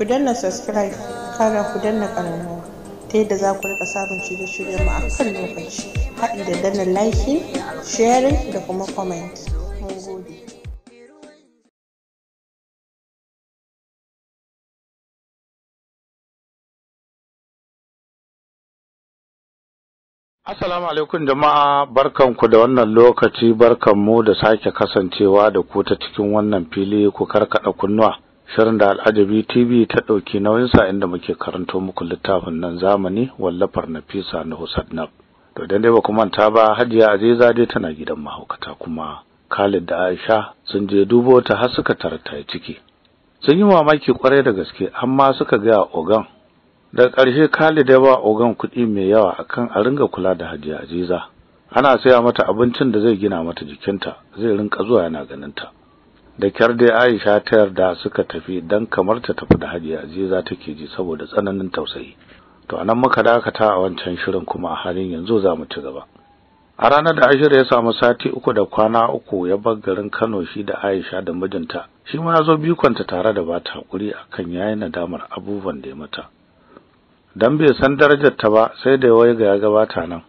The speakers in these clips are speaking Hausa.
ku danna subscribe kara ku danna ƙararrawa ta yadda za ku rika samun shirye shirye mu a kan lokaci haɗi da danna like sharing da kuma comment mun gode Assalamu alaikum jama'a barkanku da wannan lokaci barkanmu da sake kasancewa da ku ta cikin wannan fili ku karkada kunnuwa shirin da al'ajabi tv ta ɗauki sa inda muke karanto muku littafin nan zamani wallafar na nafisa na husadnab to idan dai ba ku manta ba hajiya aziza dai tana gidan mahaukata kuma khalid da aisha sun je dubo ta har suka tarata ya ciki sun yi mamaki kwarai da gaske amma suka gaya ogan da ƙarshe khalid ya ba ogan kuɗi mai yawa akan a ringa kula da hajiya aziza ana saya mata abincin da zai gina mata jikinta zai rinka zuwa yana ganinta da kyar dai Aisha ta yarda suka tafi dan kamar ta tafi da Hajiya Aziza take ji saboda tsananin tausayi to anan muka dakata a wancan shirin kuma a halin yanzu za mu ci gaba a ranar da Aisha ya samu sati uku da kwana uku ya bar garin Kano shi da Aisha da mijinta shi ma ya zo bikonta tare da bata hakuri akan yayin nadamar abubuwan da ya mata dan bai san darajar ta ba sai da ya ga ya gabata nan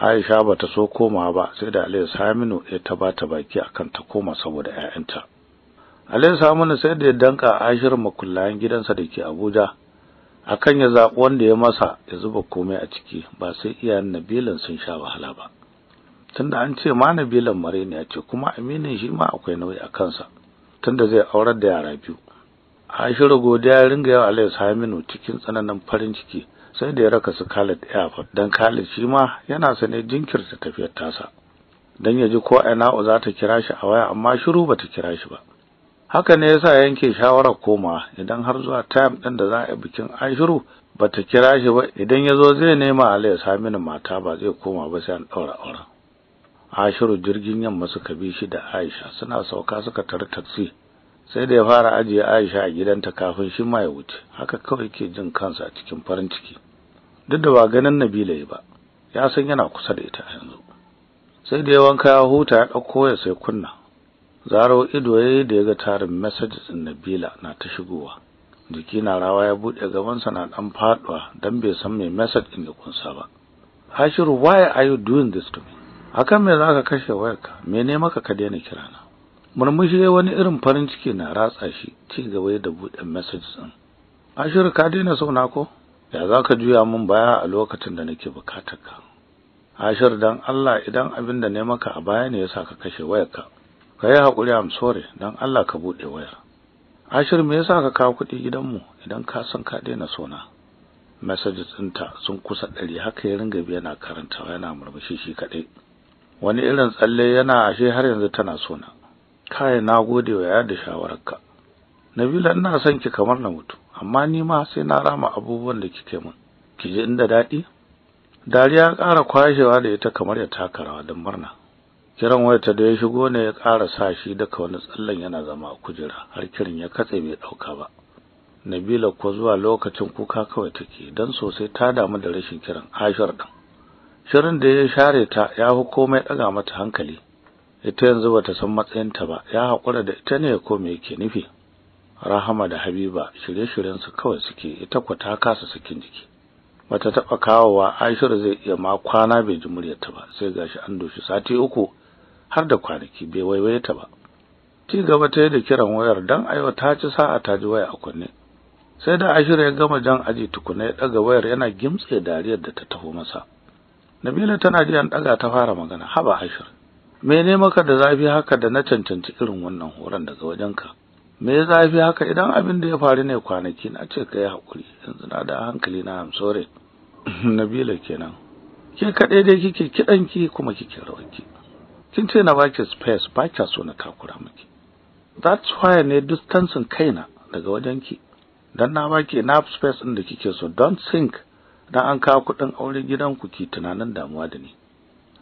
Aisha bata so koma ba sai da Aliyu Saminu ya ta bata baki akan ta koma saboda ƴaƴanta. Aliyu Saminu sai da ya danka Ashir makullayan gidansa da ke Abuja akan ya zaɓi wanda ya masa ya zuba komai a ciki ba sai iyayen Nabilan sun sha wahala ba. Tunda an ce ma Nabilan mare ne ce kuma aminin shi ma akwai nauyi a kansa tunda zai aurar da yara biyu. Ashiru godiya ya ringa yawa Aliyu Saminu cikin tsananin farin ciki sai da ya raka su Khalid airport dan Khalid shi ma yana sane jinkirta tafiyar tasa dan ya ji ko Ana'u za ta kira shi a waya amma shiru bata kira shi ba haka ne yasa yanke shawarar koma idan har zuwa time ɗin da za a bikin Ashiru bata kira shi ba idan ya zo zai nema Ali ya sami mata ba zai koma ba sai an daura auren Ashiru jirgin yamma suka bi shi da Aisha suna sauka suka tare taksi. sai da ya fara ajiye Aisha a gidanta kafin shi ma ya wuce haka kawai ke jin kansa cikin farin ciki duk da ba ganin Nabila yi ba ya san yana kusa da ita yanzu sai da wanka ya huta ya dauko ya sai kunna zaro ido yayi da ga tarin messages din Nabila na ta shigowa jiki na rawa ya buɗe gaban na ɗan faduwa dan bai san mai message din ya kunsa ba Hashiru why are you doing this to me akan me zaka kashe wayarka me ne maka ka daina kira na murmushi wani irin farin ciki na ratsa shi ci gaba da buɗe messages din Ashiru ka daina sauna ko Ya za ka juya min baya a lokacin da nake bukatar ka ashir dan Allah idan abin da ne maka a baya ne yasa ka kashe wayarka ka yi hakuri am sore dan Allah ka buɗe wayar ashir me yasa ka kawo kuɗi gidanmu idan ka san ka daina sona messages ɗinta sun kusa ɗari haka ya ringa biya na karanta yana murmushi shi kaɗai wani irin tsalle yana ashe har yanzu tana sona kai nagode gode wa yadda shawararka nabila ina son ki kamar na mutu amma ni ma sai na rama abubuwan da kike min ki ji inda daɗi dariya ƙara kwashewa da ita kamar ya taka rawa don murna kiran wayarta da ya shigo ne ya ƙara sa shi daga wani tsallan yana zama a kujera har kirin ya katse bai ɗauka ba Nabila ko zuwa lokacin kuka kawai take don sosai ta damu da rashin kiran Ashar ɗin shirin da ya share ta ya fi komai ɗaga mata hankali ita yanzu bata san matsayinta ba ya haƙura da ita ne ko me yake nufi rahama da habiba shirye shiryen su kawai suke ita kwa ta kasa sakin jiki bata taɓa kawowa aishiru zai iya ma kwana bai ji muryarta ba sai gashi an doshi sati uku har da kwanaki bai waiwaye ba ci gaba ta yi da kiran wayar dan aiwa ta ci sa'a ta ji waya a kunne sai da Ashiru ya gama jan aji tukuna ya daga wayar yana gimtse dariyar da ta taho masa nabila tana ji an daga ta fara magana haba Me ne maka da zafi haka da na cancanci irin wannan horon daga wajenka me ya zafi haka idan abin da ya faru ne kwanaki na ce kai hakuri yanzu na da hankali na na nabila kenan ke kaɗai dai kike kiɗanki kuma kike rawanki kin ce na baki space ba kya so na takura miki that's why ne distancing kaina daga wajenki dan na baki enough space din da kike so don sink, dan an kawo kuɗin aure gidanku ki tunanin damuwa da ni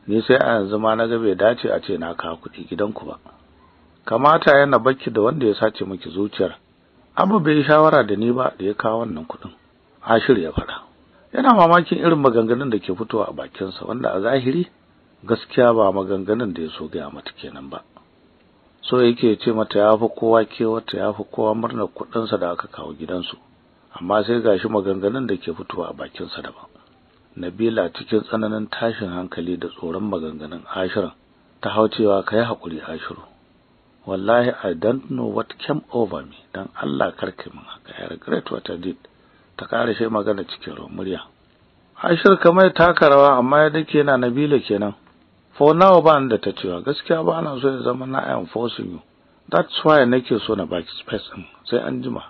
ni sai a yanzu ma na ga bai dace a ce na kawo kuɗi gidanku ba kamata yana baki da wanda ya sace miki zuciyar amma bai shawara da ni ba da ya kawo wannan kuɗin ashir ya faɗa yana mamakin irin maganganun da ke fitowa a bakinsa wanda a zahiri gaskiya ba maganganun da ya so gaya mata kenan ba so yake ce mata ya fi kowa kewata ya fi kowa murnar kuɗinsa da aka kawo gidansu amma sai gashi maganganun da ke fitowa a bakinsa daban Nabila cikin tsananin tashin hankali da tsoron maganganun Ashirin ta hau cewa kai hakuri Ashiru wallahi i don't know what came over me dan Allah karka min haka i regret what i did ta kare shi magana cikin ruwan murya Aishar kamar taka rawa amma ya dake yana Nabila kenan for now ba da ta cewa gaskiya ba ana so ya zama na I am forcing you that's why nake so na baki space din sai an jima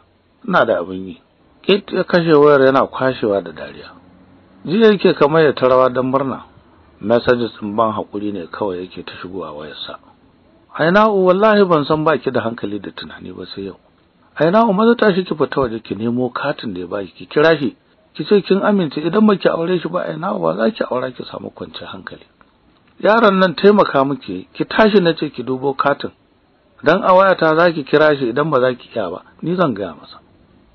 ina da abin yi Kit ya kashe wayar yana kwashewa da dariya jiya yake kamar ya tarawa dan murna messages din ban hakuri ne kawai yake ta shigowa wayarsa Aina'u wallahi ban san baki da hankali da tunani ba sai yau. Aina'u maza tashi ki fita waje ki nemo katin da ya baki ki kira shi. Ki ce kin amince idan ba ki aure shi ba Aina'u ba za ki aura ki samu kwanciyar hankali. Yaron nan taimaka muke ki tashi na ce ki dubo katin. Dan a wayata za ki kira shi idan ba za ki iya ba ni zan gaya masa.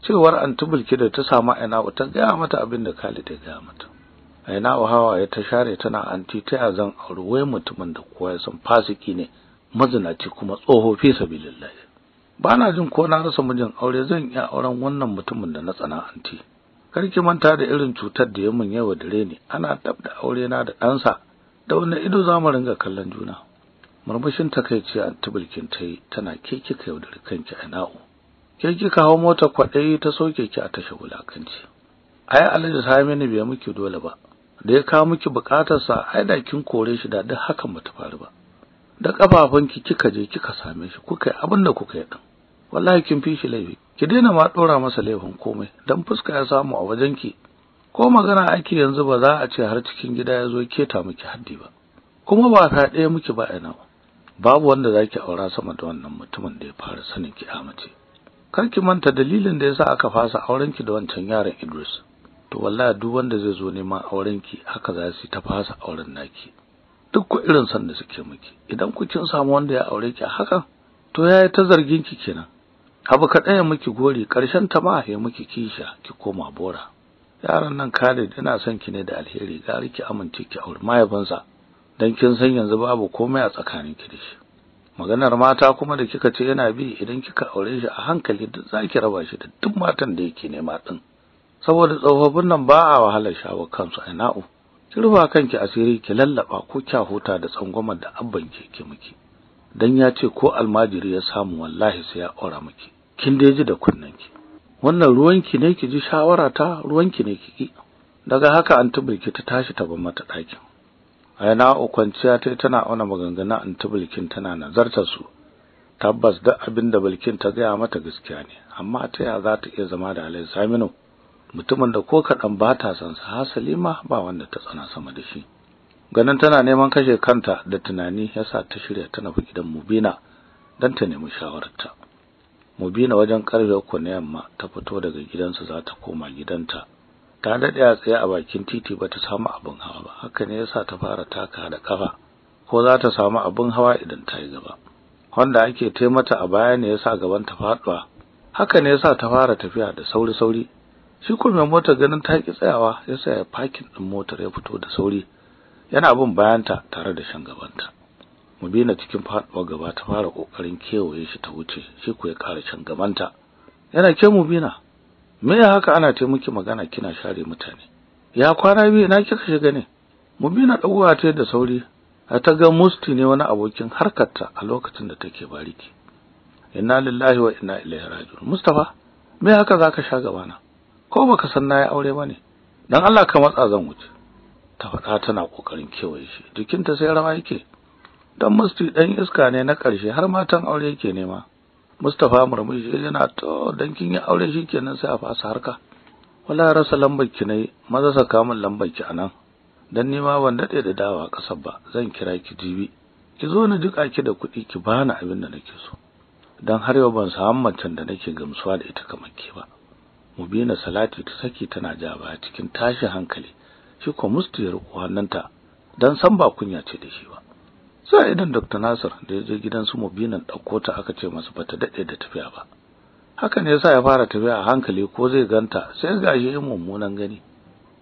Cewar Antubul ki da ta samu Aina'u ta gaya mata abin da Khalid ya gaya mata. Aina'u ya ta share tana anti ta zan aure wai mutumin da kowa ya san fasiki ne. mazinaci kuma tsoho fi sabilillah na jin ko na rasa mijin aure zan iya auren wannan mutumin da na tsana'anti kar ki manta da irin cutar da yamin yawa dare ne ana tabda aure na da ɗansa da wani ido za mu ringa kallon juna murmushin takaici anti tubulkin ta yi tana ke kika yau da kanki a na'u ke kika hau mota kwaɗayi ta soke ki a tashi wulakanci ai alhaji saminu bai miki dole ba da ya kawo miki bukatarsa ai da kin kore shi da duk hakan ba ta faru ba da ki kika je kika same shi kuka yi abin da kuka yi din wallahi kin fi shi laifi ki daina ma dora masa laifin komai dan fuska ya samu a wajen ki. ko magana ake yanzu ba za a ce har cikin gida ya zo keta miki haddi ba kuma ba ta ɗaya miki ba ina babu wanda zaki aura sama da wannan mutumin da ya fara sanin ki amace kar ki manta dalilin da yasa aka fasa aurenki da wancan yaron Idris to wallahi duk wanda zai zo neman aurenki haka za su ta fasa auren naki duk ku irin san da suke miki idan ku kin samu wanda ya aure ki haka to yayi ta zargin ki kenan abu ka daya miki gori karshen ta ma ya miki kisha ki koma bora yaran nan Khalid yana son ki ne da alheri ga ki amince ki aure bansa dan kin san yanzu babu komai a tsakanin ki da maganar mata kuma da kika ce yana bi idan kika aure shi a hankali duk zaki raba shi da duk matan da yake nema din saboda tsofaffin nan ba a wahalar shawo kansu a na'u rufa kanki asiri ki lallaba ko kya huta da tsangwamar da abban ke ki miki dan ya ce ko almajiri ya samu wallahi sai ya aura miki kin dai ji da kunnanki wannan ruwanki ne ki ji shawara ta ruwanki ne kiki daga haka an ta tashi ta bar mata ɗakin ayana kwanciya tai tana auna maganganun an tana nazartar su tabbas duk abinda da bulkin ta gaya mata gaskiya ne amma ta ya za ta iya zama da alai Saminu mutumin da ko kaɗan ba ta san sa hasali ba wanda ta tsana sama da shi ganin tana neman kashe kanta da tunani yasa ta shirya tana fi gidan Mubina dan ta nemi shawararta Mubina wajen karfe uku na yamma ta fito daga gidansu za ta koma gidanta ta daɗe a tsaye a bakin titi ba ta samu abin hawa ba haka ne yasa ta fara taka da kafa ko za ta samu abin hawa idan ta yi gaba wanda ake taimata a baya ne yasa gaban ta faɗuwa haka ne yasa ta fara tafiya da sauri sauri shi ko mai motar ganin ta ki tsayawa ya sa ya fakin din motar ya fito da sauri yana bin bayanta tare da shan gabanta Mu mubina cikin faɗuwar gaba ta fara kokarin kewaye shi ta wuce shi ko ya kara shan gabanta yana ke mubina me ya haka ana ta miki magana kina share mutane ya kwana biyu na kika shiga ne mubina dagowa ta da sauri a ta ga musti ne wani abokin harkarta a lokacin da take bariki inna lillahi wa inna ilaihi raji'un mustafa me haka zaka sha gabana ko baka san na yi aure ba ne. dan Allah ka matsa zan wuce ta faɗa tana kokarin kewaye shi jikinta sai rawa yake dan musti dan iska ne na ƙarshe har matan aure yake nema Mustapha murmushi yana to dan kin yi aure shikenan sai a fasa harka wala rasa lambar ki ne maza saka min lambar ki anan dan ni ma ban dade da dawa kasar ba zan kira ki jibi ki zo ni duka ki da kuɗi ki bani abin da nake so dan har yau ban samu mutan da nake gamsuwa da ita kamar ke ba mubina salati ta saki tana ja ba cikin tashi hankali shi ko musti ya riko hannunta dan san ba kunya ce da shi ba sai idan Dr. Nasir da ya je gidan su mubinan dauko ta aka ce masa bata dade da tafiya ba haka ne yasa ya fara tafiya a hankali ko zai ganta sai ga shi yin mummunan gani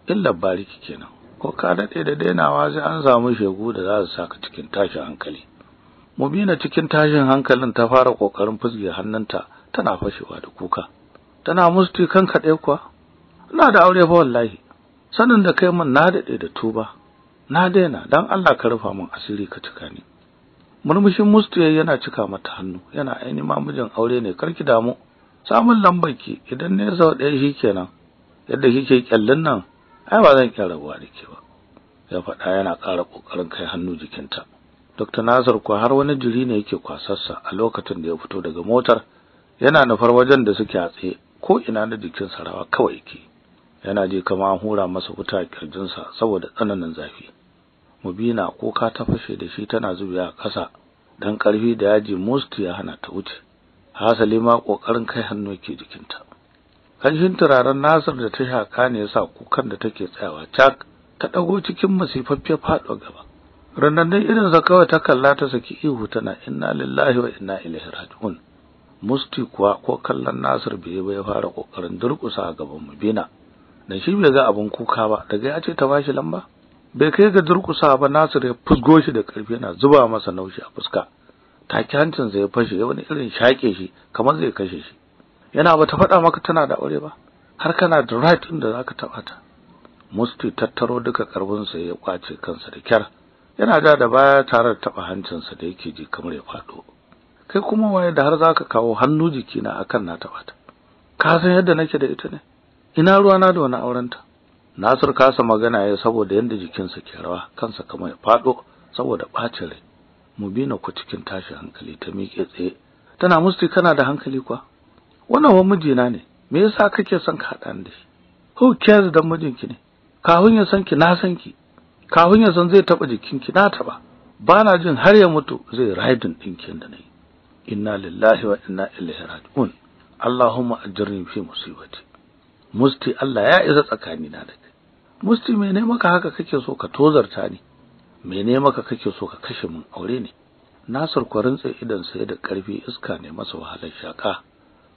illa bariki kenan ko ka dade da dainawa sai an samu shegu da za su saka cikin tashin hankali mubina cikin tashin hankalin ta fara kokarin fusge hannunta tana fashewa da kuka tana musti kan kaɗai kuwa ina da aure fa wallahi sanin da kai min na daɗe da tuba na daina dan Allah ka rufa mun asiri ka cika ni murmushin mustu yana cika mata hannu yana aini mijin aure ne karki damu samun lambar ki idan ne zau ɗaya kenan yadda kike kyallin nan ai ba zan kyara rabuwa da ke ba ya faɗa yana ƙara ƙoƙarin kai hannu jikinta Dr. Nasir kuwa har wani jiri ne yake kwasarsa a lokacin da ya fito daga motar yana nufar wajen da suke a tsaye ko ina da jikin sarawa kawai yake yana ji kama an hura masa wuta a kirjinsa saboda tsananin zafi mubina kuka ta fashe da shi tana zubiya a ƙasa dan ƙarfi da yaji musti ya hana ta wuce hasali ma ƙoƙarin kai hannu ke jikinta kanshin turaren nasir da ta haka ne yasa kukan da take tsayawa cak ta ɗago cikin masifaffe faɗo gaba rannan dai irin sa kawai ta kalla ta saki ihu tana inna lillahi wa inna ilaihi raji'un musti kuwa ko kallon nasir bai ya fara kokarin durkusa a gaban mubina dan shi bai ga abin kuka ba daga ya ce ta bashi lamba bai kai ga durkusa ba nasir ya fusgo shi da karfi yana zuba masa naushi a fuska take hancin ya fashe ya wani irin shake shi kamar zai kashe shi yana ba ta faɗa maka tana da aure ba har kana da right din da zaka taba ta musti tattaro duka karbin sa ya kwace kansa da kyar yana da da baya tare da taba hancinsa da yake ji kamar ya faɗo kai kuma waye da har za ka kawo hannu jikina akan na taɓa ka san yadda nake da ita ne ina ruwa na da wani aurenta Nasir kasa magana ya saboda yanda jikinsa ke rawa kansa kamar ya fado saboda bacin rai Mubina ku cikin tashi hankali ta miƙe tsaye tana musti kana da hankali kwa wannan wa mijina ne me yasa kake son ka haɗa ni da shi who cares dan mijinki ne kafin ya san ki na san ki kafin ya san zai taba jikinki na taba bana jin har ya mutu zai riding ɗinkin da nayi inna lillahi wa inna ilaihi raji'un Allahumma ajirni fi musibati musti Allah ya isa tsakani na da kai musti mene maka haka kake so ka tozarta ni mene maka kake so ka kashe mun aure ne Nasir kwarinsa idan sai da karfi iska ne masa wahalar shaƙa.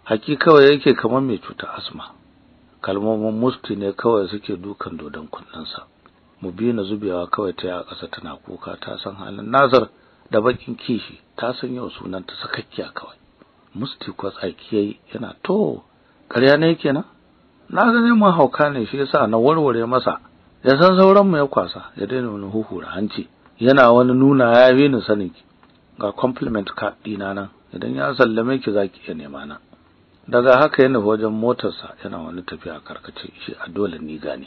haki kawai yake kamar mai cuta asma kalmomin musti ne kawai suke dukan dodon kunnensa mubina zubewa kawai ta a ƙasa tana kuka ta san halin nazar. da bakin kishi ta san yau ta sakakkiya kawai musti tsaki yayi yana to ƙarya ne kenan na ne mun hauka ne shi yasa na warware masa ya san sauran mu ya kwasa ya daina wani huhura hanci yana wani nuna ya yi ni sanin ki ga compliment card dina nan idan ya sallame ki zaki iya nema na daga haka yana wajen motarsa yana wani tafiya karkace shi a dole ni gane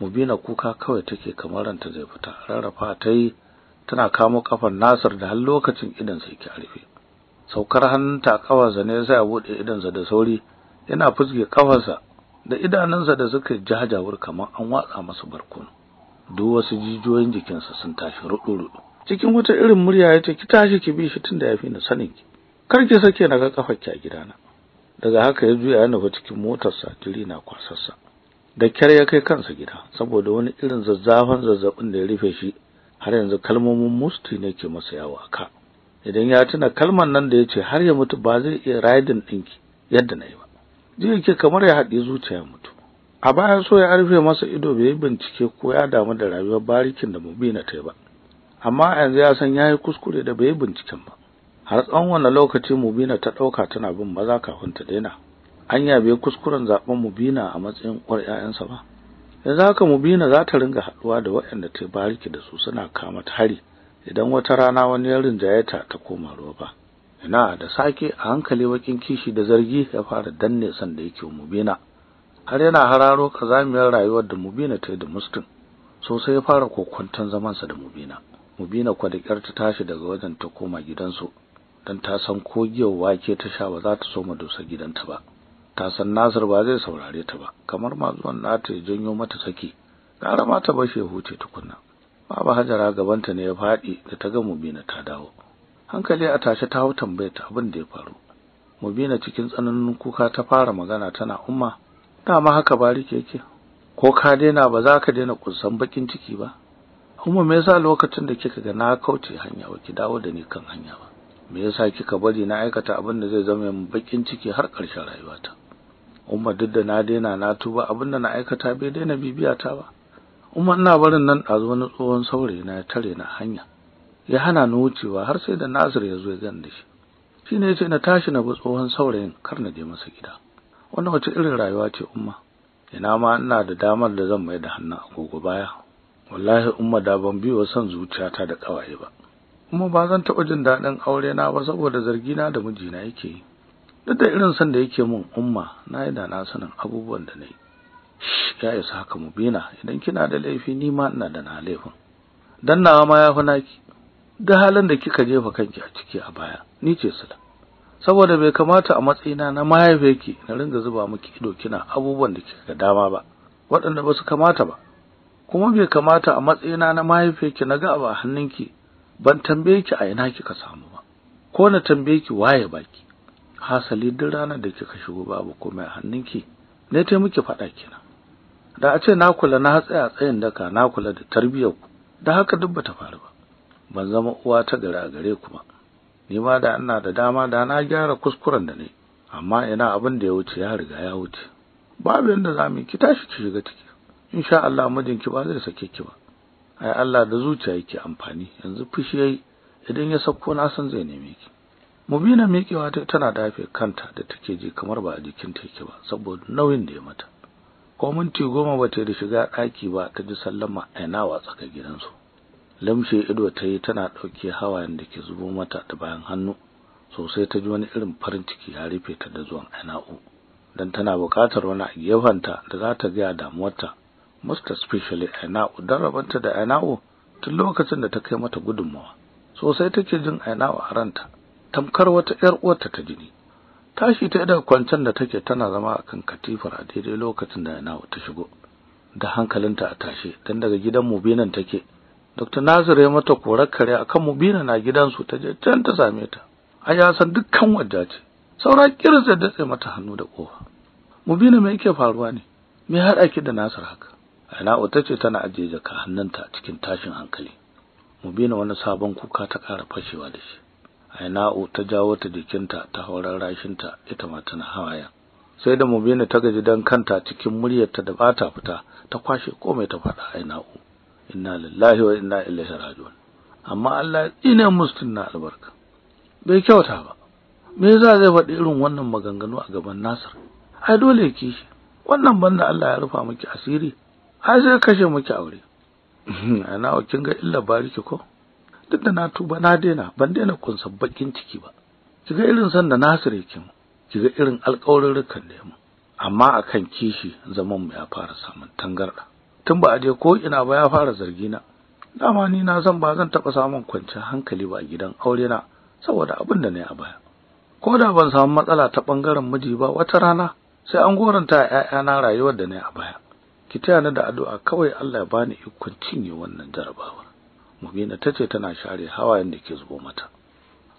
Mu bina kuka kawai take kamar ranta zai fita rarrafa ta yi tana kamo kafan Nasir da har lokacin idan sai a rufe saukar hannunta kawa ne sai ya bude idansa da sauri yana fuske kafarsa da idanunsa da suka jajawur kamar an watsa masa barkono duk wasu jijiyoyin jikinsa sun tashi rudu-rudu cikin wata irin murya yace, ki tashi ki bi shi tunda ya fi ni sanin ki kar ki sake na ga kafar ki a gidana daga haka ya juya ya nufi cikin motarsa jiri na kwasarsa da kyar ya kai kansa gida saboda wani irin zazzafan zazzabin da ya rufe shi har yanzu kalmomin musti ne ke masa yawo ka idan ya tuna kalman nan da ya ce har ya mutu ba zai iya riding ɗinki yadda nayi ba ji yake kamar ya haɗe zuciya ya mutu a bayan so ya arfe masa ido bai yi bincike ko ya damu da rayuwar barikin da mubina ta yi ba amma yanzu ya san yayi kuskure da bai yi binciken ba har tsawon wannan lokaci mubina ta ɗauka tana bin maza kafin ta daina an yabe kuskuren zaɓen mubina a matsayin uwar 'ya'yansa ba yanzu haka mubina za ta ringa haɗuwa da waɗanda ta bariki da su suna kama ta hari idan wata rana wani ya da ta ta koma roba ina da sake a hankali bakin kishi da zargi ya fara danne san da yake mubina har yana hararo kazamiyar rayuwar da mubina ta yi da mustin sosai ya fara kokwanton zamansa da mubina mubina kwa da ta tashi daga wajen ta koma gidansu don ta san ko giyar wake ta sha ba za ta so mu dosa gidanta ba ta san Nasir ba zai saurare ta ba kamar ma zuwan nata ya janyo mata saki gara ma ta bashe huce tukunna baba hajara gabanta ne ya faɗi da ta ga mubina ta dawo hankali a tashe ta hau tambayar ta abin da ya faru mubina cikin tsananin kuka ta fara magana tana umma dama haka bariki yake ko ka daina ba za ka daina kusan bakin ciki ba kuma me yasa lokacin da kika ga na kauce hanya ba ki dawo da ni kan hanya ba me yasa kika bari na aikata abin da zai zama min bakin ciki har ƙarshen rayuwata umma duk da na daina na tuba da na aikata bai daina bibiya ta ba umma ina barin nan ɗazu wani tsohon saurayi na ya tare na hanya ya hana ni wucewa har sai da Nasir ya zo ya gani da shi shine yace na tashi na bi tsohon saurayin kar na je masa gida wannan wace irin rayuwa ce umma ina ma ina da damar da zan mai da hannu a gogo baya wallahi umma da ban biyo son zuciyata da kawaye ba kuma ba zan taɓa jin daɗin aure na ba saboda zargina da mijina yake yi duk da irin sanda da yake mun umma na yi da na sanin abubuwan da na yi ya isa haka mu bina idan kina da laifi ni ma ina da na laifin dan nawa ma ya fi ki, duk halin da kika jefa kanki a ciki a baya ni ce sula saboda bai kamata a matsayina na ki na ringa zuba miki ido kina abubuwan da kika ga dama ba waɗanda ba su kamata ba kuma bai kamata a matsayina na ki na ga abu hannunki ban tambaye ki a ina kika samu ba ko na tambaye ki waye baki hasali duk ranar da kika shigo babu komai a hannunki ne ta muke faɗa kina da a ce na kula na a tsayin daka na kula da tarbiyyar ku da haka duk bata faru ba ban zama uwa ta gari a gare ku ba ni ma da ina da dama da na gyara kuskuren da ne amma ina abin da ya wuce ya riga ya wuce babu yadda za mu ki tashi ki shiga ciki insha Allah mijinki ba zai sake ki ba ai Allah da zuciya yake amfani yanzu fushi yayi idan ya sako na san zai neme ki mubina miƙewa ta tana dafe kanta da take ji kamar ba a jikinta yake ba saboda nauyin da ya mata ko minti goma ba ta da shiga ɗaki ba ta ji sallama aina wa tsaka gidansu lamshe ido ta yi tana ɗauke hawayen da ke zubo mata da bayan hannu sosai ta ji wani irin farin ciki ya rufe ta da zuwan u, don tana buƙatar wani a gefenta da za ta gaya damuwarta most especially aina'u dan rabanta da aina'u tun lokacin da ta kai mata gudunmawa sosai take jin aina'u a ranta tamkar wata ƴar uwarta ta jini tashi ta daga kwancen da take tana zama akan katifar a daidai lokacin da yana ta shigo da hankalinta a tashe dan daga gidan mubinan take Dr. Nazir ya mata korar kare akan mubina na gidansu ta je can ta same ta a ya san dukkan wajja ce saura kirza da datse mata hannu da kofa mubina me yake faruwa ne me haɗa ki da Nasir haka Ana'u ce tana ajiye jaka hannunta a cikin tashin hankali mubina wani sabon kuka ta kara fashewa da shi aina'u ta jawo ta jikinta ta haurar rashinta ita ma tana hawaya sai da mubina ta gaji dan kanta cikin muryarta da bata fita ta kwashe komai ta faɗa aina'u inna lillahi wa inna ilaihi raji'un amma Allah ina musu na albarka bai kyauta ba me yasa zai faɗi irin wannan maganganu a gaban Nasir ai dole ki wannan banda Allah ya rufa miki asiri ai sai kashe miki aure ana kin ga illa bariki ko duk da na tuba na daina ban daina kunsa bakin ciki ba kiga irin san da Nasir yake mu kiga irin rukan da mu amma akan kishi zaman mu ya fara samun tangarda tun ba a je ko ina ba ya fara zargi na dama ni na zan ba zan taba samun kwanciyar hankali ba a gidan aure na saboda abin da nayi a baya ko da ban samu matsala ta bangaren miji ba wata rana sai an goranta 'ya'yana rayuwar da nayi a baya ki taya ni da addu'a kawai Allah ya bani ikon cinye wannan jarabawar mugina ta ce tana share hawayen da ke zubo mata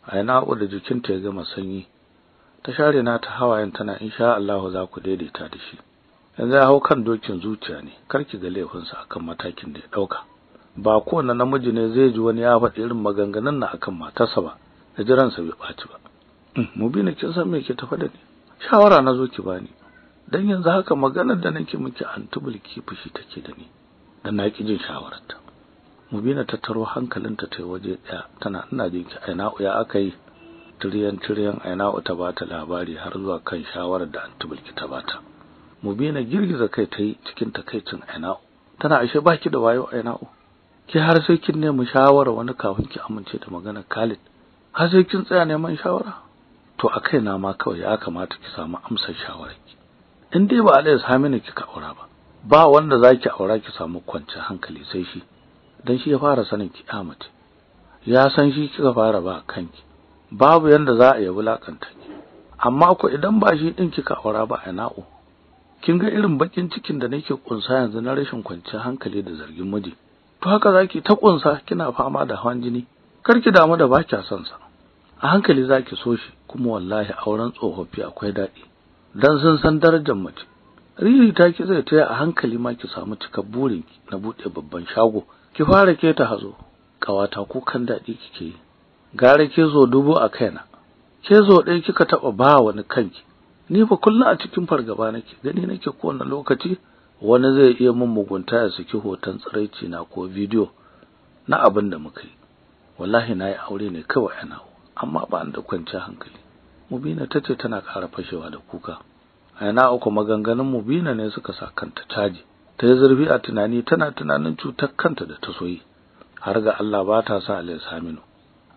a yana da jikinta ya gama sanyi ta share na ta hawayen tana insha Allah za ku daidaita da shi yanzu ya hau kan dokin zuciya ne kar ki ga laifinsa akan matakin da ya ɗauka. ba kowane namiji ne zai ji wani ya faɗi irin maganganun na akan matarsa ba da jiransa bai ɓaci ba hmm, mubina kin san me ke ta da ni shawara na zo ki bani dan yanzu haka maganar da nake miki an tubulki fushi take da ni dan na ki jin shawararta Mu mubina tattaro hankalinta ta waje ɗaya tana ina jin ki aina'u ya aka yi tiriyan tiriyan aina'u ta bata labari har zuwa kan shawarar da anti bilki ta bata mubina girgiza kai ta yi cikin takaicin aina'u tana ashe baki da wayo aina'u ki har sai kin nemi shawara wani kafin ki amince da magana Khalid har sai kin tsaya neman shawara to a kaina ma kawai ya kamata ki samu amsar shawararki in dai ba Aliyu ki ka aura ba ba wanda zaki aura ki samu kwanciyar hankali sai shi dan shi ya fara sanin ki Ahmad ya san shi kika fara ba kanki babu yanda za a yabi lakanta ki amma ko idan ba shi din kika aura ba a na'u kin ga irin bakin cikin da nake kunsa yanzu na rashin kwanciyar hankali da zargin miji to haka zaki ta kunsa kina fama da hawan jini Kar ki damu da baki son sa a hankali zaki so shi kuma wallahi auren tsofaffi akwai daɗi dan sun san darajar mace riri ta ki zai taya a hankali ma ki samu cikar burin na buɗe babban shago ki fara keta hazo ƙawata kukan daɗi kike yi gara ke zo dubu a kaina ke zo ɗaya kika taba ba wani kanki ni ba kullum a cikin fargaba nake gani nake kowane lokaci wani zai iya mun mugunta ya saki hoton tsiraici na ko bidiyo na abin da muka yi wallahi na yi aure ne kawai ana amma ba da kwanciya hankali mubina tace tana kara fashewa da kuka ina uku maganganun mubina ne suka sakanta kanta caji ta yi zurfi a tunani tana tunanin cutar kanta da ta soyi har ga Allah ba ta sa Alhaji Saminu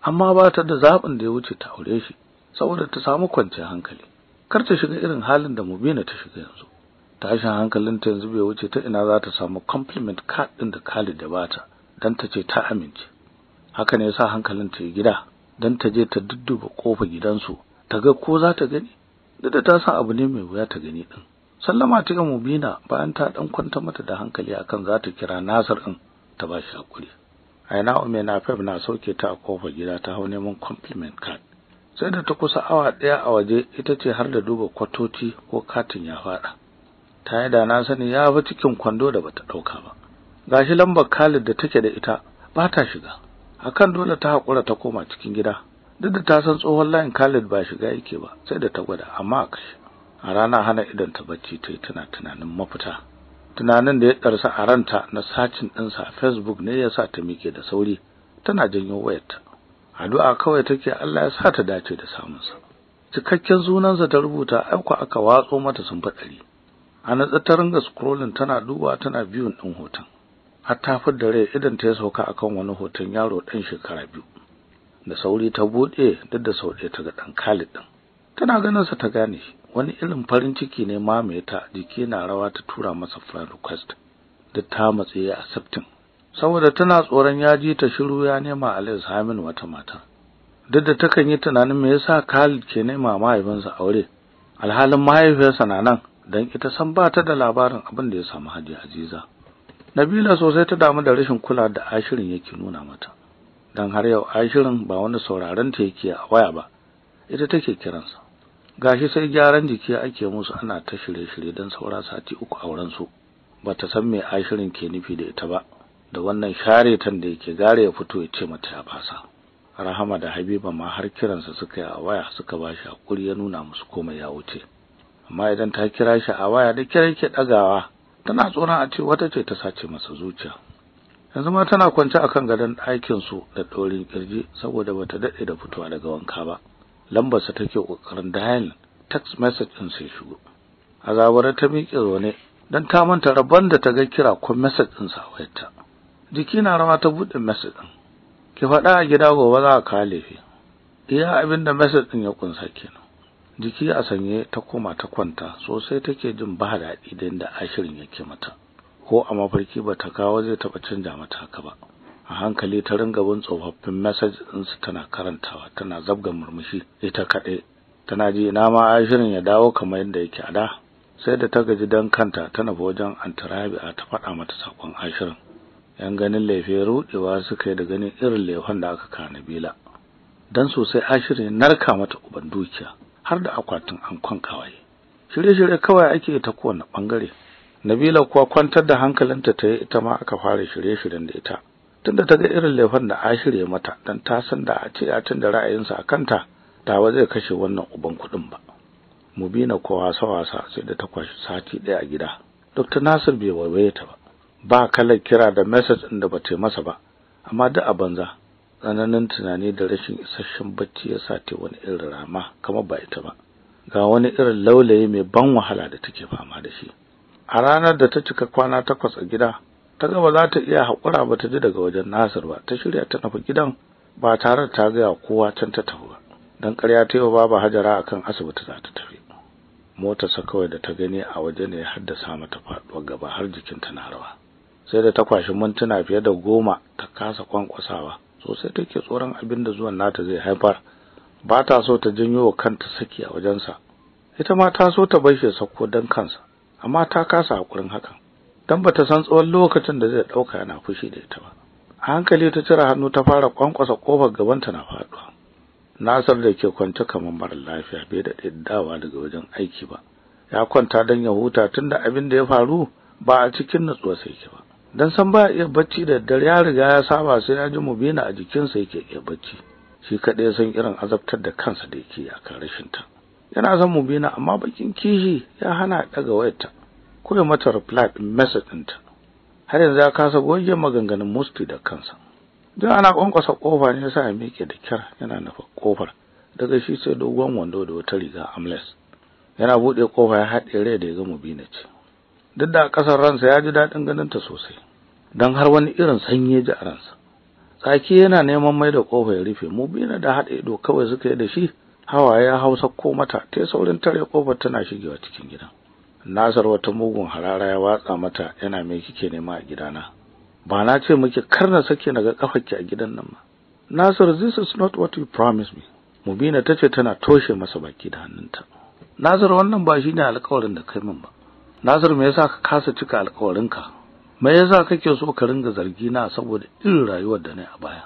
amma ba ta da zaɓin da ya wuce ta aure shi saboda ta samu kwanciyar hankali kar ta shiga irin halin da Mubina ta shiga yanzu tashin hankalin ta yanzu bai wuce ta ina za ta samu compliment card din da Khalid da bata dan ta ce ta amince haka ne yasa hankalin ta yi gida dan ta je ta dudduba kofar gidansu ta ga ko za ta gani da ta san abu ne mai wuya ta gani din sallama ta ga mubina bayan ta dan kwanta mata da hankali akan za ta kira nasir din ta ba shi hakuri aina ume na fab na sauke ta a kofar gida ta hau neman compliment card sai da ta kusa awa daya a waje ita ce har da duba kwatoci ko katin ya fada ta yi da na sani ya fi cikin kwando da bata dauka ba gashi lambar Khalid da take da ita ba ta shiga akan dole ta hakura ta koma cikin gida duk da ta san tsohon layin Khalid ba shiga yake ba sai da ta gwada amma a kashe a rana hana ta bacci ta yi tana tunanin mafita tunanin da ya ɗarsa a ranta na sacin ɗinsa a facebook ne ya sa ta miƙe da sauri tana janyo wayarta addu'a kawai take Allah ya sa ta dace da samunsa cikakken sunansa ta rubuta aiko aka watso mata sun faɗari a na ta ringa scrolling tana duba tana biyun ɗin hoton har ta da rai idan ta ya sauka akan wani hoton yaro ɗan shekara biyu da sauri ta buɗe duk da sau ɗaya ta ga ɗan Khalid ɗin tana ganin sa ta gane shi wani irin farin ciki ne mamaye ta jiki na rawa ta tura masa friend request da ta matsaye a saboda tana tsoron ya ji ta shiru ya nema Alex Hamin wata mata duk da takan yi tunanin me yasa Khalid ke nema mahaifinsa aure alhalin mahaifiyarsa na nan dan ita san ba ta da labarin abin da ya samu Hajji Aziza Nabila sosai ta damu da rashin kula da Ashirin yake nuna mata dan har yau Ashirin ba wani sauraron ta yake a waya ba ita take kiransa gashi sai gyaran jiki ake musu ana ta shirye-shirye don saura sati uku a auren su bata san me ashirin ke nufi da ita ba da wannan share tan da yake gare ya fito ya ce mata ya fasa rahama da habiba ma har kiransa suka yi a waya suka ba shi hakuri ya nuna musu komai ya wuce amma idan ta kira shi a waya da kira yake ɗagawa tana tsoron a ce wata ce ta sace masa zuciya yanzu ma tana kwance akan gadon ɗakin su da ɗorin kirji saboda bata daɗe da fitowa daga wanka ba lambarsa take kokarin dial text message din sai shigo A azabara ta miƙe zaune dan ta manta rabban da ta ga kira ko message din sa wayarta jiki na rawa ta buɗe message din ki faɗa a gida gobe za ka kalefe iya abin da message din ya kunsa kenan jiki a sanye ta koma ta kwanta sosai take jin ba daɗi da yadda ashirin yake mata ko a mafarki ba ta kawo zai taɓa canja mata haka ba a hankali ta ringa bin tsofaffin message ɗinsu tana karantawa tana zabga murmushi ita kaɗai tana ji ina ma ashirin ya dawo kamar yadda yake a da sai da ta gaji don kanta ta nufi wajen a ta faɗa mata sakon ashirin yan ganin laifin ruɗewa suka yi da ganin irin laifin da aka kawo bila Don sosai ashirin ya narka mata uban dukiya har da akwatin ankon kawai shirye-shirye kawai ake ta kowane ɓangare. Nabila kuwa kwantar da hankalinta ta yi ita ma aka fara shirye-shiryen da ita tunda ta ga irin laifin da a shirye mata dan ta san da a ce a tun da ra'ayinsa a kanta tawa zai kashe wannan uban kuɗin ba mubina ko wasa wasa sai da ta kwashi sati ɗaya a gida Dr. Nasir bai waiwaye ta ba ba kalar kira da message ɗin da ba ta masa ba amma duk a banza tsananin tunani da rashin isasshen bacci ya sa ta wani irin rama kamar ba ita ba ga wani irin laulayi mai ban wahala da take fama da shi a ranar da ta cika kwana takwas a gida ta ga ba za ta iya haƙura ba ta ji daga wajen Nasir ba ta shirya ta nufi gidan ba tare da ta gaya kowa can ta tafi ba dan ƙarya ta yi wa baba Hajara akan asibiti za ta tafi motarsa kawai da ta gani a waje ne ya haddasa mata faɗuwa gaba har jikinta na rawa sai da ta kwashi mintuna fiye da goma ta kasa kwankwasawa sosai take tsoron abin da zuwan nata zai haifar ba ta so ta janyo wa kanta saki a wajensa ita ma ta so ta bar shi sakko don kansa amma ta kasa haƙurin hakan dan ta san tsawon lokacin da zai ɗauka yana fushi da ita ba a hankali ta cire hannu ta fara kwankwasa kofar gabanta na faɗuwa. Nasar da ke kwance kamar mara lafiya bai da daddawa daga wajen aiki ba ya kwanta dan ya huta tunda abin da ya faru ba a cikin natsuwa sai ke ba dan san ba iya bacci da daddare, ya riga ya saba sai ya ji mubina a jikinsa yake iya bacci shi kaɗai ya san irin azabtar da kansa da yake a kan rashin ta yana son mubina amma bakin kishi ya hana daga wayarta kuka mata reply din message dinta har yanzu ya kasa goge maganganun musti da kansa dan ana kwankwasa kofa ne yasa ya miƙe da kyar yana nufa kofar daga shi sai dogon wando da wata riga amless yana buɗe kofa ya haɗe rai da ya gama bina ce duk da ƙasar ransa ya ji daɗin ganinta sosai dan har wani irin sanyi ji a ransa tsaki yana neman mai da kofa ya rufe mu bina da haɗe ido kawai suka yi da shi hawaye ya hausa ko mata ta saurin tare kofar tana shigewa cikin gidan Nasar wata mugun harara ya watsa mata yana mai kike nema a gidana ba na ce miki kar na sake naga kafarki a gidan nan ma Nasir this is not what you promised me Mubina tace tana toshe masa baki da hannunta Nasir wannan ba shine alƙawarin da kai min ba Nasir me yasa ka kasa cika alƙawarinka me yasa kake so ka ringa zargi na saboda irin rayuwar da nayi a baya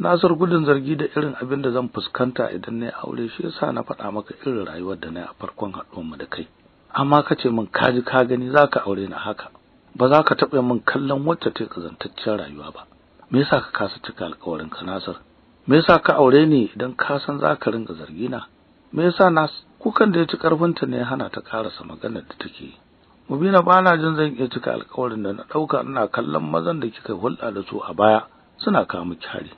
nasar gudun zargi da irin abin da zan fuskanta idan nayi aure shi yasa na faɗa maka irin rayuwar da nayi a farkon haɗuwar mu da kai amma ka ce min kaji ka gani za ka aure ni haka ba za ka taɓa min kallon wacce ta ƙazantaccen rayuwa ba me yasa ka kasa cika alƙawarin ka Nasir me yasa ka aure ni idan ka san za ka zargi na? me yasa na kukan da ya ci ƙarfinta ne ya hana ta karasa magana da take yi mubina ba na jin zan iya cika alƙawarin da na ɗauka ina kallon mazan da kika hulɗa da su a baya suna kawo miki hari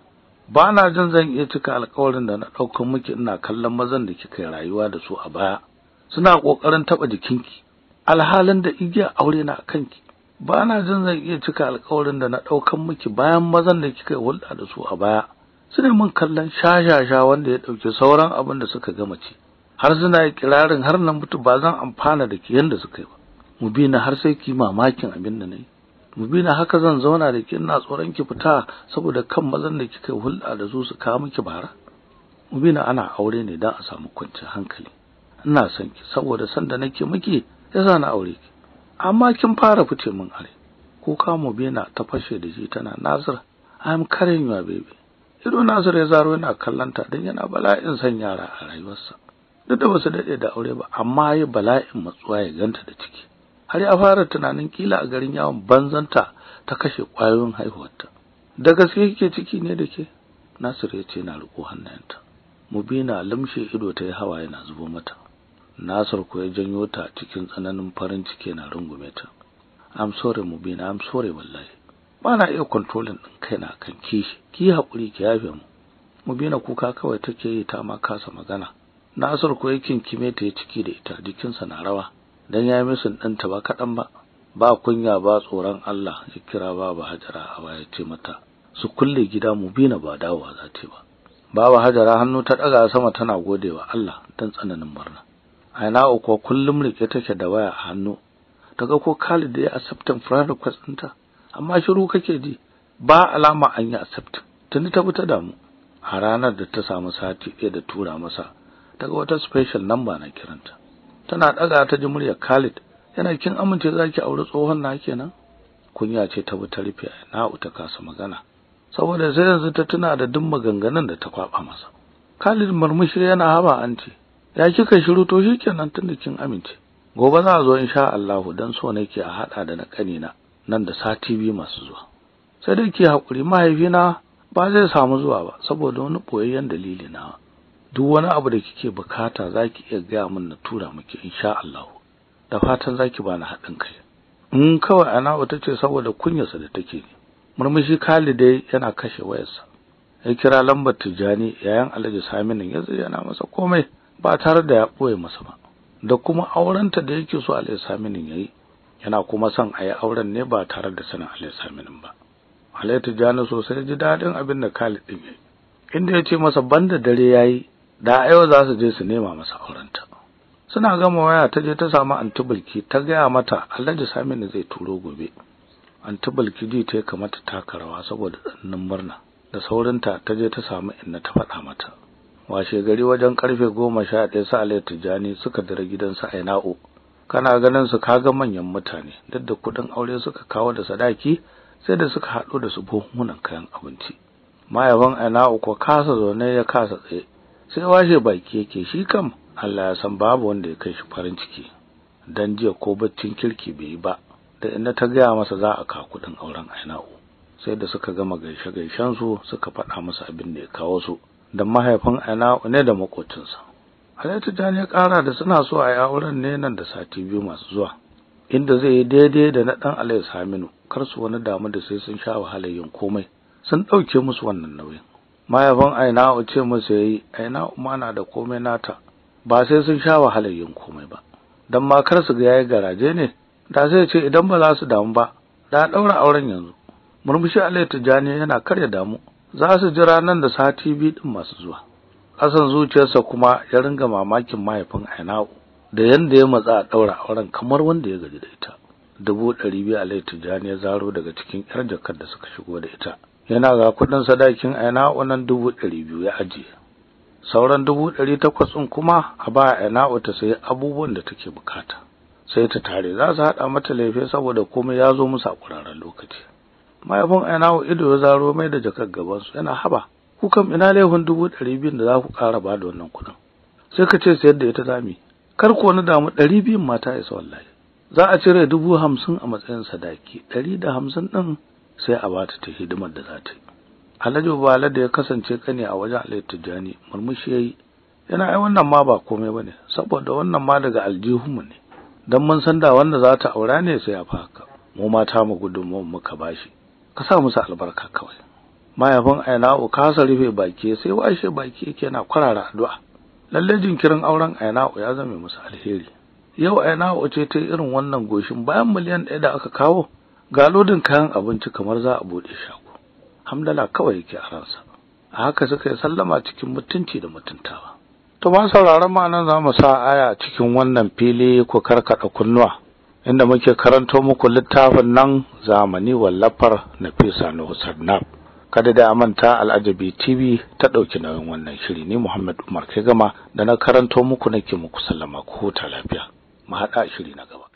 ba na jin zan iya cika alƙawarin da na ɗauka miki ina kallon mazan da kika yi rayuwa da su a baya suna ƙoƙarin taɓa jikinki alhalin da igiya aure na kanki ba na jin zan iya cika alƙawarin da na ɗaukan miki bayan mazan da kika hulɗa da su a baya suna min kallon shashasha wanda ya ɗauki sauran abin da suka gama ci har suna kirarin har nan mutu ba zan amfana da ki yanda suka yi ba mu bi har sai ki mamakin abin da na yi mu bi haka zan zauna da ki ina tsoron ki fita saboda kan mazan da kika hulɗa da su su kawo miki bara mu bi ana aure ne don a samu kwanciyar hankali ina son ki saboda sanda da nake miki yasa na aure ki amma kin fara fice min are ko kamo bena ta fashe da shi tana Nasir am carrying your baby ido Nasir ya zaro yana kallanta dan yana bala'in san yara a rayuwarsa duk da basu dade da aure ba amma yi bala'in matsuwa ya ganta da ciki har ya fara tunanin kila a garin yawon banzanta ta kashe kwayoyin haihuwarta da gaske kike ciki ne da ke Nasir ya ce na riko hannayenta Mubina limshe ido ta yi hawa yana zubo mata Nasir ko ya janyo ta cikin tsananin farin ciki na rungume ta I'm sorry Mubina I'm sorry wallahi ba na iya controlling din kaina kan kishi ki hakuri ki yafe mu Mubina kuka kawai take yi ta ma kasa magana Nasir ko yakin kime ta ciki da ita jikinsa na rawa dan ya misin ta ba kaɗan ba ba kunya ba tsoron Allah ya kira baba Hajara a baya ce mata su kulle gida Mubina ba dawowa za ta ba Baba Hajara hannu ta ɗaga sama tana godewa Allah dan tsananin murna aina uku kullum rike take da waya a hannu ta ga ko Khalid ya accept friend request ɗinta amma shiru kake ji ba alama an yi accept tuni ta fita damu a ranar da ta samu sati ɗaya da tura masa ta ga wata special number na kiranta tana ɗaga ta ji muryar Khalid yana kin amince zaki aure tsohon na kenan kunya ce ta fita rufe na ta kasa magana saboda sai yanzu ta tuna da duk maganganun da ta kwaba masa Khalid murmushi yana haba anti ya kika shiru to shikenan tunda kin amince gobe za a zo insha Allah dan so nake a hada da na kanina nan da sati biyu masu zuwa sai dai ki hakuri mahaifina ba zai samu zuwa ba saboda wani boyayyen dalili na duk wani abu da kike bukata zaki iya gaya mun na tura miki insha Allah da fatan zaki bani haɗin kai in kawai ana wata ce saboda kunyarsa da take murmushi Khalid yana kashe wayarsa ya kira lambar Tijani yayin Alhaji Saminu ya yana masa komai ba tare da ya ɓoye masa ba da kuma aurenta da yake so alisaminin Saminu yi yana kuma son a yi auren ne ba tare da sanin alisaminin ba Alhaji jani sosai ji daɗin abin da Khalid ɗin yi. inda ya ce masa ban da dare ya yi, da a yau za su je su nema masa aurenta suna gama waya ta je ta samu antibalki ta gaya mata Alhaji Saminu zai turo gobe antibalki ji ta yi kamata ta saboda tsannin murna da saurinta ta je ta samu inna ta faɗa mata washe gari wajen karfe goma sha ɗaya su alayar tijjani suka dira gidansa a ina'o kana ganin su kaga manyan mutane duk da kuɗin aure suka kawo da sadaki sai da suka haɗu da su buhunan kayan abinci mahaifin ina'o ko kasa zaune ya kasa tsaye sai washe baki yake shi kam Allah ya san babu wanda ya kai shi farin ciki dan jiya ko baccin kirki bai yi ba da inda ta gaya masa za a kawo kuɗin auren ina'o sai da suka gama gaishe gaishen su suka faɗa masa abin da ya kawo su da mahaifin Aina'u ne da makocinsa Alhaji ta ya ƙara da suna so a yi auren ne nan da sati biyu masu zuwa inda zai yi daidai da na ɗan Alhaji Saminu kar su wani damu da sai sun sha wahalar yin komai sun ɗauke musu wannan nauyin mahaifin Aina'u ce musu ya yayi aina ma na da komai nata ba sai sun sha wahalar yin komai ba dan ma kar su ga yi garaje ne da sai ce idan ba za su damu ba da ɗaura auren yanzu murmushi Alhaji Tijjani yana karya damu za su jira nan da sati biyu din masu zuwa Hassan zuciyarsa kuma ya ringa mamakin mahaifin Ainau da yanda ya matsa a daura auren kamar wanda ya gaji da ita dubu ɗari biyu alai tijjani ya zaro daga cikin yar jakar da suka shigo da ita yana ga kuɗin sadakin Ainau nan dubu ɗari biyu ya ajiye sauran dubu ɗari takwas ɗin kuma a ba Ainau ta sayi abubuwan da take bukata sai ta tare za su haɗa mata laifi saboda komai ya zo musu a ƙuraren lokaci mahaifin wa ido ya zaro mai da jakar gabansu yana haba kukan ina laifin dubu ɗari biyun da za ku ƙara ba da wannan kuɗin sai ka ce sayar da ita zami kar ku wani damu ɗari biyun mata isa wallahi za a cire dubu hamsin a matsayin sadaki ɗari da hamsin ɗin sai a ba ta ta hidimar da za ta yi alhaji bala da ya kasance kane a wajen alayyar tijjani murmushi ya yi yana ai wannan ma ba komai ba ne saboda wannan ma daga aljihunmu ne don mun san da wanda za ta aura ne sai a fa haka mu mata mu gudunmu muka bashi ka sa musu albarka kawai mayafin Aina aina'u kasa rufe baki sai washe baki yake yana kwarara addu'a lalle jinkirin auren aina'u ya zame musu alheri yau aina'u ce ta irin wannan goshin bayan miliyan ɗaya da aka kawo ga lodin kayan abinci kamar za a buɗe shago hamdala kawai yake a ransa a haka suka yi sallama cikin mutunci da mutuntawa to ba sauraron ma nan za mu sa aya cikin wannan fili ko karkaɗa kunnuwa inda muke karanto muku littafin nan zamani wallafar Nafisa Nuhu kada da amanta al'ajabi TV ta dauki nauyin wannan shiri ne Muhammad Umar kai gama da na karanto muku nake muku sallama ku huta lafiya mu hada shiri na gaba